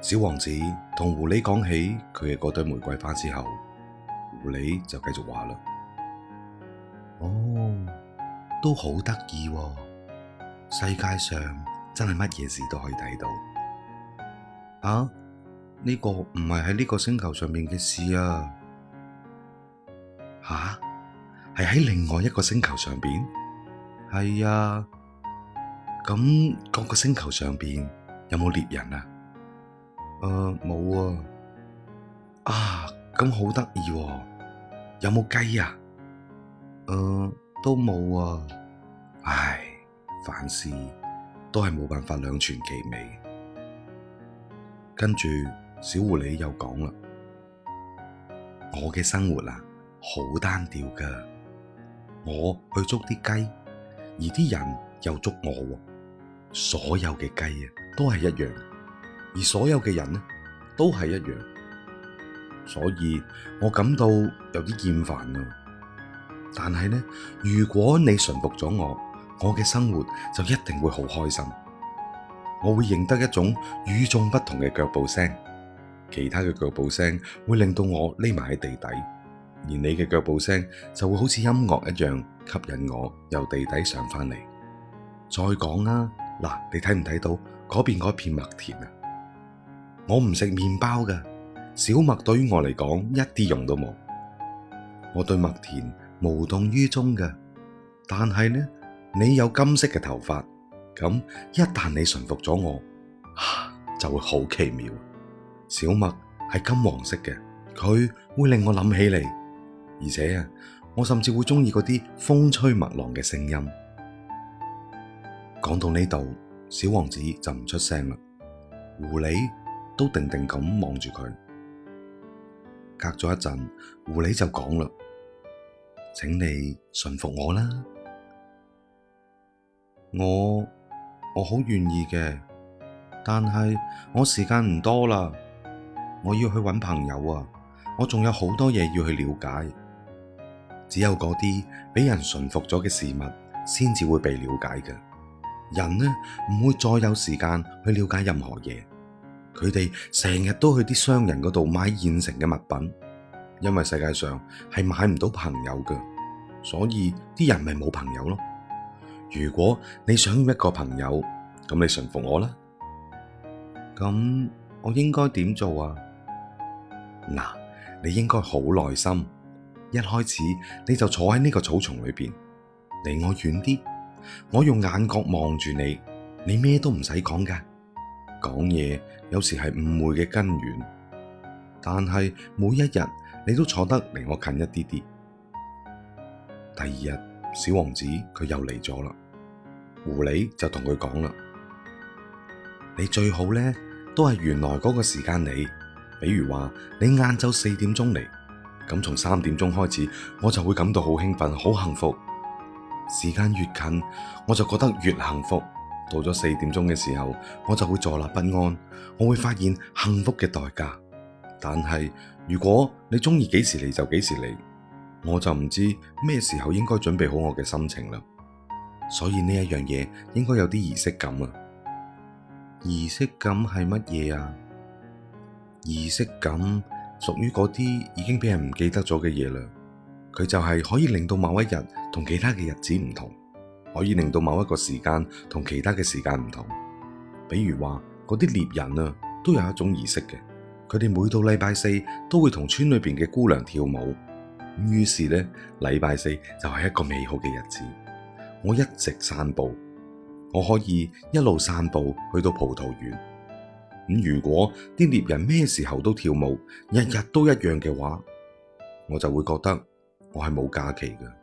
小王子同狐狸講起佢嘅嗰堆玫瑰花之後，狐狸就繼續話啦：哦，都好得意，哦，世界上真係乜嘢事都可以睇到啊！呢個唔係喺呢個星球上邊嘅事啊，吓，係喺另外一個星球上邊。係啊，咁各個星球上邊有冇獵人啊？啊，冇、呃、啊！啊，咁好得意喎！有冇雞啊？啊、呃，都冇啊！唉，凡事都係冇辦法兩全其美。跟住，小狐狸又講啦：我嘅生活啊，好單調噶。我去捉啲雞，而啲人又捉我。所有嘅雞啊，都係一樣。而所有嘅人呢，都係一樣，所以我感到有啲厭煩啊。但係呢，如果你馴服咗我，我嘅生活就一定會好開心。我會認得一種與眾不同嘅腳步聲，其他嘅腳步聲會令到我匿埋喺地底，而你嘅腳步聲就會好似音樂一樣吸引我由地底上翻嚟。再講啊，嗱，你睇唔睇到嗰邊嗰片麥田啊？我唔食麵包嘅，小麥對於我嚟講一啲用都冇。我對麥田無動於衷嘅，但係呢，你有金色嘅頭髮，咁一旦你馴服咗我，啊，就會好奇妙。小麥係金黃色嘅，佢會令我諗起你，而且啊，我甚至會中意嗰啲風吹麥浪嘅聲音。講到呢度，小王子就唔出聲啦。狐狸。都定定咁望住佢。隔咗一陣，狐狸就講啦：請你馴服我啦。我我好願意嘅，但係我時間唔多啦。我要去揾朋友啊！我仲有好多嘢要去了解。只有嗰啲俾人馴服咗嘅事物，先至會被了解嘅。人呢，唔會再有時間去了解任何嘢。佢哋成日都去啲商人嗰度買現成嘅物品，因為世界上係買唔到朋友嘅，所以啲人咪冇朋友咯。如果你想要一個朋友，咁你馴服我啦。咁我應該點做啊？嗱，你應該好耐心，一開始你就坐喺呢個草叢裏邊，離我遠啲，我用眼角望住你，你咩都唔使講噶。講嘢有時係誤會嘅根源，但係每一日你都坐得離我近一啲啲。第二日小王子佢又嚟咗啦，狐狸就同佢講啦：你最好呢，都係原來嗰個時間嚟，比如話你晏晝四點鐘嚟，咁從三點鐘開始我就會感到好興奮、好幸福。時間越近我就覺得越幸福。到咗四點鐘嘅時候，我就會坐立不安。我會發現幸福嘅代價。但係如果你鍾意幾時嚟就幾時嚟，我就唔知咩時候應該準備好我嘅心情啦。所以呢一樣嘢應該有啲儀式感啊！儀式感係乜嘢啊？儀式感屬於嗰啲已經俾人唔記得咗嘅嘢啦。佢就係可以令到某一日同其他嘅日子唔同。可以令到某一個時間同其他嘅時間唔同，比如話嗰啲獵人啊，都有一種儀式嘅，佢哋每到禮拜四都會同村裏邊嘅姑娘跳舞，咁於是呢，禮拜四就係一個美好嘅日子。我一直散步，我可以一路散步去到葡萄園。咁如果啲獵人咩時候都跳舞，日日都一樣嘅話，我就會覺得我係冇假期嘅。